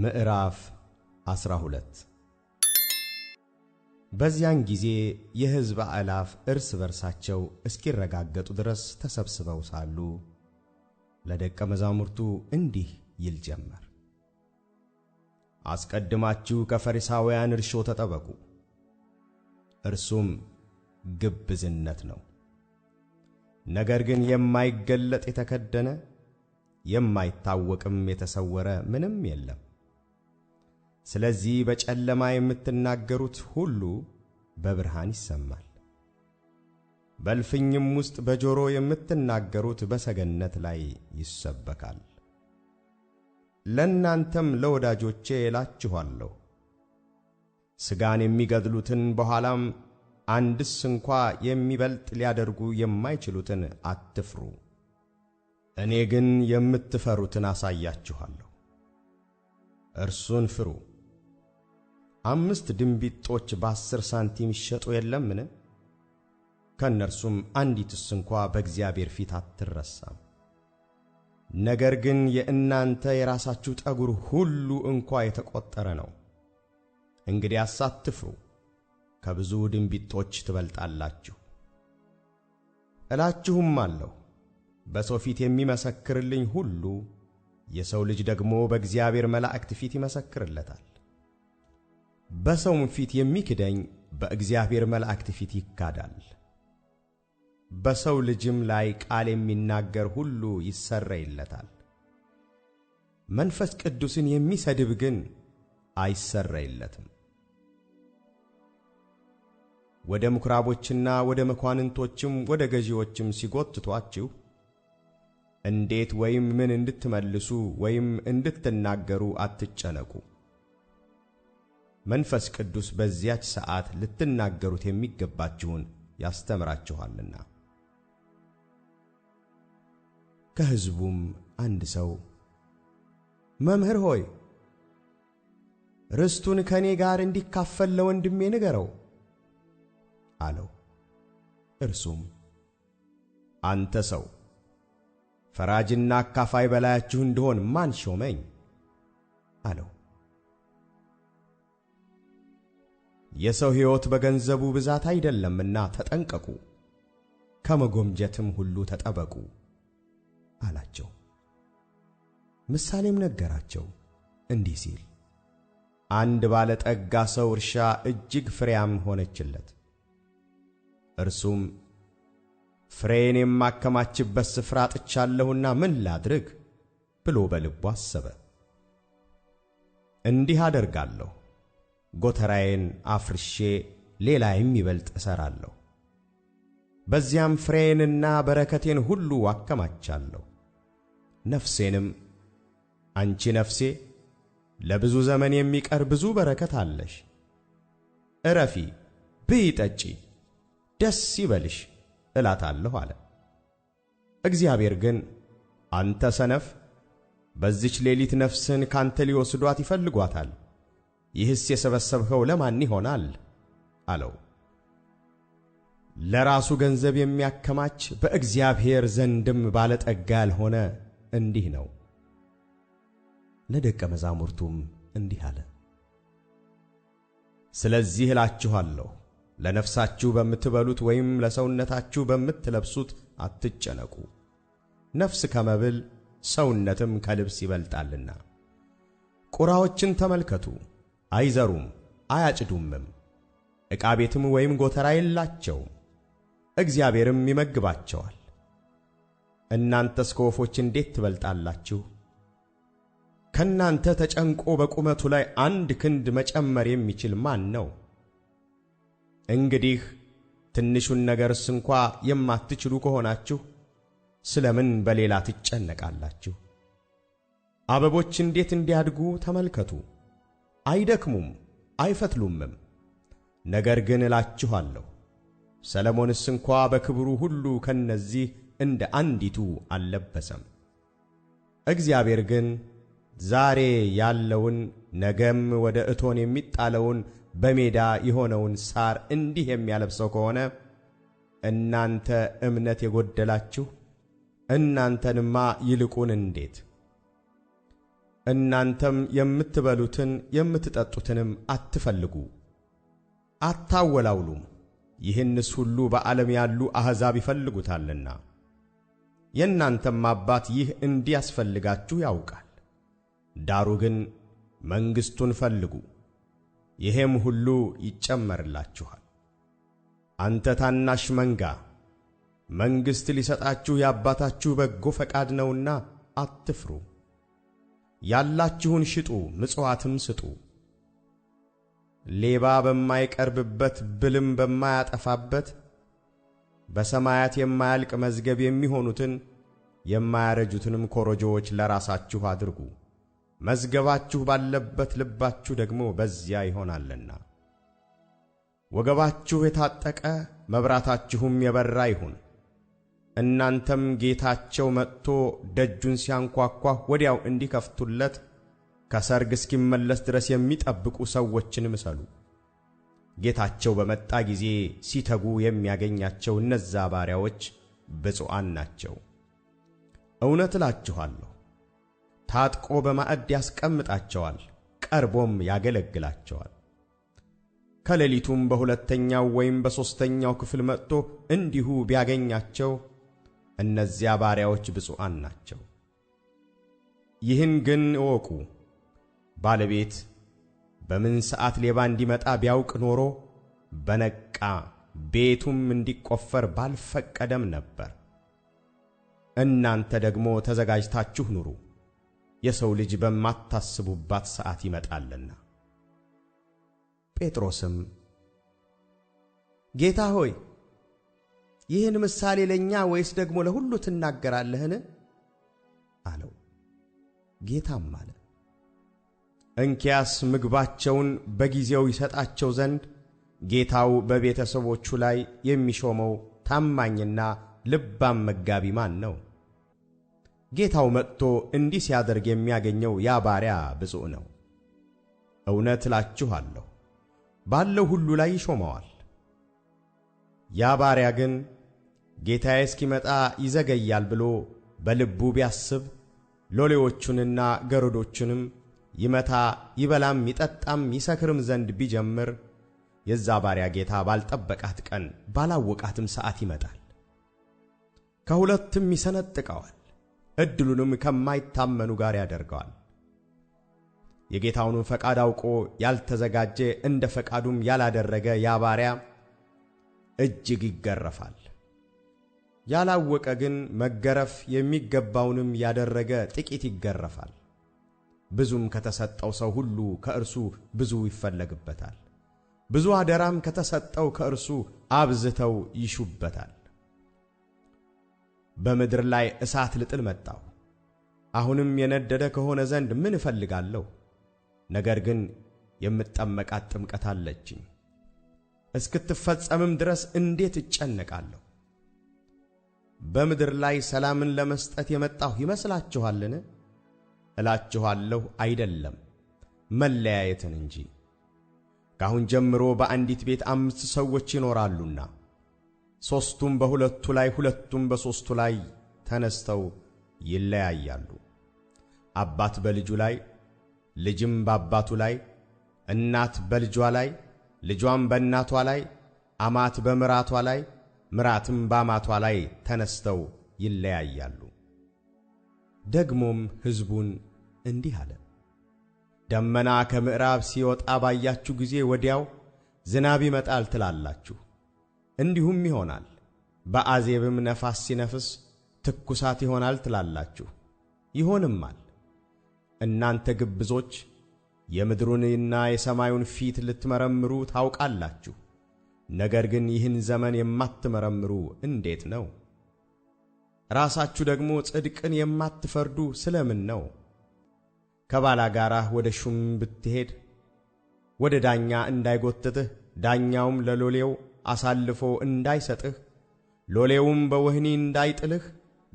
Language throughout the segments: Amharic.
ምዕራፍ 12 በዚያን ጊዜ የሕዝብ አእላፍ እርስ በርሳቸው እስኪረጋገጡ ድረስ ተሰብስበው ሳሉ ለደቀ መዛሙርቱ እንዲህ ይል ጀመር፦ አስቀድማችሁ ከፈሪሳውያን እርሾ ተጠበቁ፤ እርሱም ግብዝነት ነው። ነገር ግን የማይገለጥ የተከደነ የማይታወቅም የተሰወረ ምንም የለም። ስለዚህ በጨለማ የምትናገሩት ሁሉ በብርሃን ይሰማል፣ በልፍኝም ውስጥ በጆሮ የምትናገሩት በሰገነት ላይ ይሰበካል። ለእናንተም ለወዳጆቼ እላችኋለሁ ሥጋን የሚገድሉትን በኋላም አንድስ እንኳ የሚበልጥ ሊያደርጉ የማይችሉትን አትፍሩ። እኔ ግን የምትፈሩትን አሳያችኋለሁ፤ እርሱን ፍሩ። አምስት ድንቢጦች በአስር ሳንቲም ይሸጡ የለምን? ከእነርሱም አንዲትስ እንኳ በእግዚአብሔር ፊት አትረሳም። ነገር ግን የእናንተ የራሳችሁ ጠጉር ሁሉ እንኳ የተቆጠረ ነው። እንግዲያስ አትፍሩ፣ ከብዙ ድንቢጦች ትበልጣላችሁ። እላችሁም አለሁ በሰው ፊት የሚመሰክርልኝ ሁሉ የሰው ልጅ ደግሞ በእግዚአብሔር መላእክት ፊት ይመሰክርለታል። በሰውም ፊት የሚክደኝ በእግዚአብሔር መላእክት ፊት ይካዳል። በሰው ልጅም ላይ ቃል የሚናገር ሁሉ ይሰረይለታል። መንፈስ ቅዱስን የሚሰድብ ግን አይሰረይለትም። ወደ ምኵራቦችና ወደ መኳንንቶችም ወደ ገዢዎችም ሲጎትቷችሁ እንዴት ወይም ምን እንድትመልሱ ወይም እንድትናገሩ አትጨነቁ። መንፈስ ቅዱስ በዚያች ሰዓት ልትናገሩት የሚገባችሁን ያስተምራችኋልና። ከሕዝቡም አንድ ሰው መምህር ሆይ ርስቱን ከእኔ ጋር እንዲካፈል ለወንድሜ ንገረው አለው። እርሱም አንተ ሰው ፈራጅና አካፋይ በላያችሁ እንደሆን ማን ሾመኝ? አለው። የሰው ሕይወት በገንዘቡ ብዛት አይደለምና ተጠንቀቁ፣ ከመጎምጀትም ሁሉ ተጠበቁ አላቸው። ምሳሌም ነገራቸው እንዲህ ሲል፦ አንድ ባለጠጋ ሰው እርሻ እጅግ ፍሬያም ሆነችለት። እርሱም ፍሬን የማከማችበት ስፍራ አጥቻለሁና ምን ላድርግ ብሎ በልቡ አሰበ። እንዲህ አደርጋለሁ ጎተራዬን አፍርሼ ሌላ የሚበልጥ እሠራለሁ። በዚያም ፍሬዬንና በረከቴን ሁሉ አከማቻለሁ። ነፍሴንም አንቺ ነፍሴ ለብዙ ዘመን የሚቀር ብዙ በረከት አለሽ፤ እረፊ፣ ብይ ጠጪ፣ ደስ ይበልሽ እላታለሁ አለ። እግዚአብሔር ግን አንተ ሰነፍ፣ በዚች ሌሊት ነፍስን ካንተ ሊወስዷት ይፈልጓታል ይህስ የሰበሰብኸው ለማን ይሆናል? አለው። ለራሱ ገንዘብ የሚያከማች በእግዚአብሔር ዘንድም ባለጠጋ ያልሆነ እንዲህ ነው። ለደቀ መዛሙርቱም እንዲህ አለ፦ ስለዚህ እላችኋለሁ ለነፍሳችሁ በምትበሉት ወይም ለሰውነታችሁ በምትለብሱት አትጨነቁ። ነፍስ ከመብል ሰውነትም ከልብስ ይበልጣልና። ቁራዎችን ተመልከቱ አይዘሩም አያጭዱምም፣ ዕቃ ቤትም ወይም ጎተራ የላቸውም፤ እግዚአብሔርም ይመግባቸዋል። እናንተስ ከወፎች እንዴት ትበልጣላችሁ? ከእናንተ ተጨንቆ በቁመቱ ላይ አንድ ክንድ መጨመር የሚችል ማን ነው? እንግዲህ ትንሹን ነገርስ እንኳ የማትችሉ ከሆናችሁ ስለምን በሌላ ትጨነቃላችሁ? አበቦች እንዴት እንዲያድጉ ተመልከቱ። አይደክሙም አይፈትሉምም። ነገር ግን እላችኋለሁ ሰለሞንስ እንኳ በክብሩ ሁሉ ከነዚህ እንደ አንዲቱ አልለበሰም። እግዚአብሔር ግን ዛሬ ያለውን ነገም ወደ እቶን የሚጣለውን በሜዳ የሆነውን ሳር እንዲህ የሚያለብሰው ከሆነ እናንተ እምነት የጎደላችሁ እናንተንማ ይልቁን እንዴት እናንተም የምትበሉትን የምትጠጡትንም አትፈልጉ፣ አታወላውሉም፤ ይህንስ ሁሉ በዓለም ያሉ አሕዛብ ይፈልጉታልና። የእናንተም አባት ይህ እንዲያስፈልጋችሁ ያውቃል። ዳሩ ግን መንግሥቱን ፈልጉ፣ ይሄም ሁሉ ይጨመርላችኋል። አንተ ታናሽ መንጋ፣ መንግሥት ሊሰጣችሁ የአባታችሁ በጎ ፈቃድ ነውና አትፍሩ። ያላችሁን ሽጡ፣ ምጽዋትም ስጡ። ሌባ በማይቀርብበት ብልም በማያጠፋበት በሰማያት የማያልቅ መዝገብ የሚሆኑትን የማያረጁትንም ኮረጆዎች ለራሳችሁ አድርጉ፤ መዝገባችሁ ባለበት ልባችሁ ደግሞ በዚያ ይሆናልና። ወገባችሁ የታጠቀ መብራታችሁም የበራ ይሁን። እናንተም ጌታቸው መጥቶ ደጁን ሲያንኳኳ ወዲያው እንዲከፍቱለት ከሰርግ እስኪመለስ ድረስ የሚጠብቁ ሰዎችን ምሰሉ። ጌታቸው በመጣ ጊዜ ሲተጉ የሚያገኛቸው እነዛ ባሪያዎች ብፁዓን ናቸው። እውነት እላችኋለሁ፣ ታጥቆ በማዕድ ያስቀምጣቸዋል፣ ቀርቦም ያገለግላቸዋል። ከሌሊቱም በሁለተኛው ወይም በሦስተኛው ክፍል መጥቶ እንዲሁ ቢያገኛቸው እነዚያ ባሪያዎች ብፁዓን ናቸው። ይህን ግን እወቁ፤ ባለቤት በምን ሰዓት ሌባ እንዲመጣ ቢያውቅ ኖሮ በነቃ ቤቱም እንዲቆፈር ባልፈቀደም ነበር። እናንተ ደግሞ ተዘጋጅታችሁ ኑሩ፤ የሰው ልጅ በማታስቡባት ሰዓት ይመጣልና። ጴጥሮስም ጌታ ሆይ ይህን ምሳሌ ለእኛ ወይስ ደግሞ ለሁሉ ትናገራለህን? አለው። ጌታም አለ፣ እንኪያስ ምግባቸውን በጊዜው ይሰጣቸው ዘንድ ጌታው በቤተሰቦቹ ላይ የሚሾመው ታማኝና ልባም መጋቢ ማን ነው? ጌታው መጥቶ እንዲህ ሲያደርግ የሚያገኘው ያ ባሪያ ብፁዕ ነው። እውነት እላችኋለሁ፣ ባለው ሁሉ ላይ ይሾመዋል። ያ ባሪያ ግን ጌታዬ እስኪመጣ ይዘገያል ብሎ በልቡ ቢያስብ ሎሌዎቹንና ገረዶቹንም ይመታ ይበላም ይጠጣም ይሰክርም ዘንድ ቢጀምር የዛ ባሪያ ጌታ ባልጠበቃት ቀን ባላወቃትም ሰዓት ይመጣል፣ ከሁለትም ይሰነጥቀዋል፣ ዕድሉንም ከማይታመኑ ጋር ያደርገዋል። የጌታውንም ፈቃድ አውቆ ያልተዘጋጀ እንደ ፈቃዱም ያላደረገ ያ ባሪያ እጅግ ይገረፋል። ያላወቀ ግን መገረፍ የሚገባውንም ያደረገ ጥቂት ይገረፋል፤ ብዙም ከተሰጠው ሰው ሁሉ ከእርሱ ብዙ ይፈለግበታል፤ ብዙ አደራም ከተሰጠው ከእርሱ አብዝተው ይሹበታል። በምድር ላይ እሳት ልጥል መጣሁ፤ አሁንም የነደደ ከሆነ ዘንድ ምን እፈልጋለሁ? ነገር ግን የምጠመቃት ጥምቀት አለችኝ። እስክትፈጸምም ድረስ እንዴት እጨነቃለሁ? በምድር ላይ ሰላምን ለመስጠት የመጣሁ ይመስላችኋልን? እላችኋለሁ አይደለም፣ መለያየትን እንጂ። ካሁን ጀምሮ በአንዲት ቤት አምስት ሰዎች ይኖራሉና ሦስቱም በሁለቱ ላይ ሁለቱም በሦስቱ ላይ ተነስተው ይለያያሉ። አባት በልጁ ላይ፣ ልጅም በአባቱ ላይ፣ እናት በልጇ ላይ ልጇም በእናቷ ላይ፣ አማት በምራቷ ላይ፣ ምራትም በአማቷ ላይ ተነስተው ይለያያሉ። ደግሞም ሕዝቡን እንዲህ አለ፦ ደመና ከምዕራብ ሲወጣ ባያችሁ ጊዜ ወዲያው ዝናብ ይመጣል ትላላችሁ፤ እንዲሁም ይሆናል። በአዜብም ነፋስ ሲነፍስ ትኩሳት ይሆናል ትላላችሁ፤ ይሆንማል። እናንተ ግብዞች የምድሩንና የሰማዩን ፊት ልትመረምሩ ታውቃላችሁ፤ ነገር ግን ይህን ዘመን የማትመረምሩ እንዴት ነው? ራሳችሁ ደግሞ ጽድቅን የማትፈርዱ ስለምን ነው! ነው? ከባላጋራህ ወደ ሹም ብትሄድ ወደ ዳኛ እንዳይጎትትህ ዳኛውም ለሎሌው አሳልፎ እንዳይሰጥህ ሎሌውም በወህኒ እንዳይጥልህ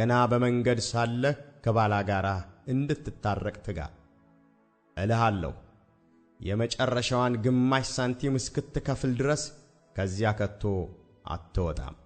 ገና በመንገድ ሳለህ ከባላጋራህ እንድትታረቅ ትጋ። እልሃለሁ የመጨረሻዋን ግማሽ ሳንቲም እስክትከፍል ድረስ ከዚያ ከቶ አትወጣም።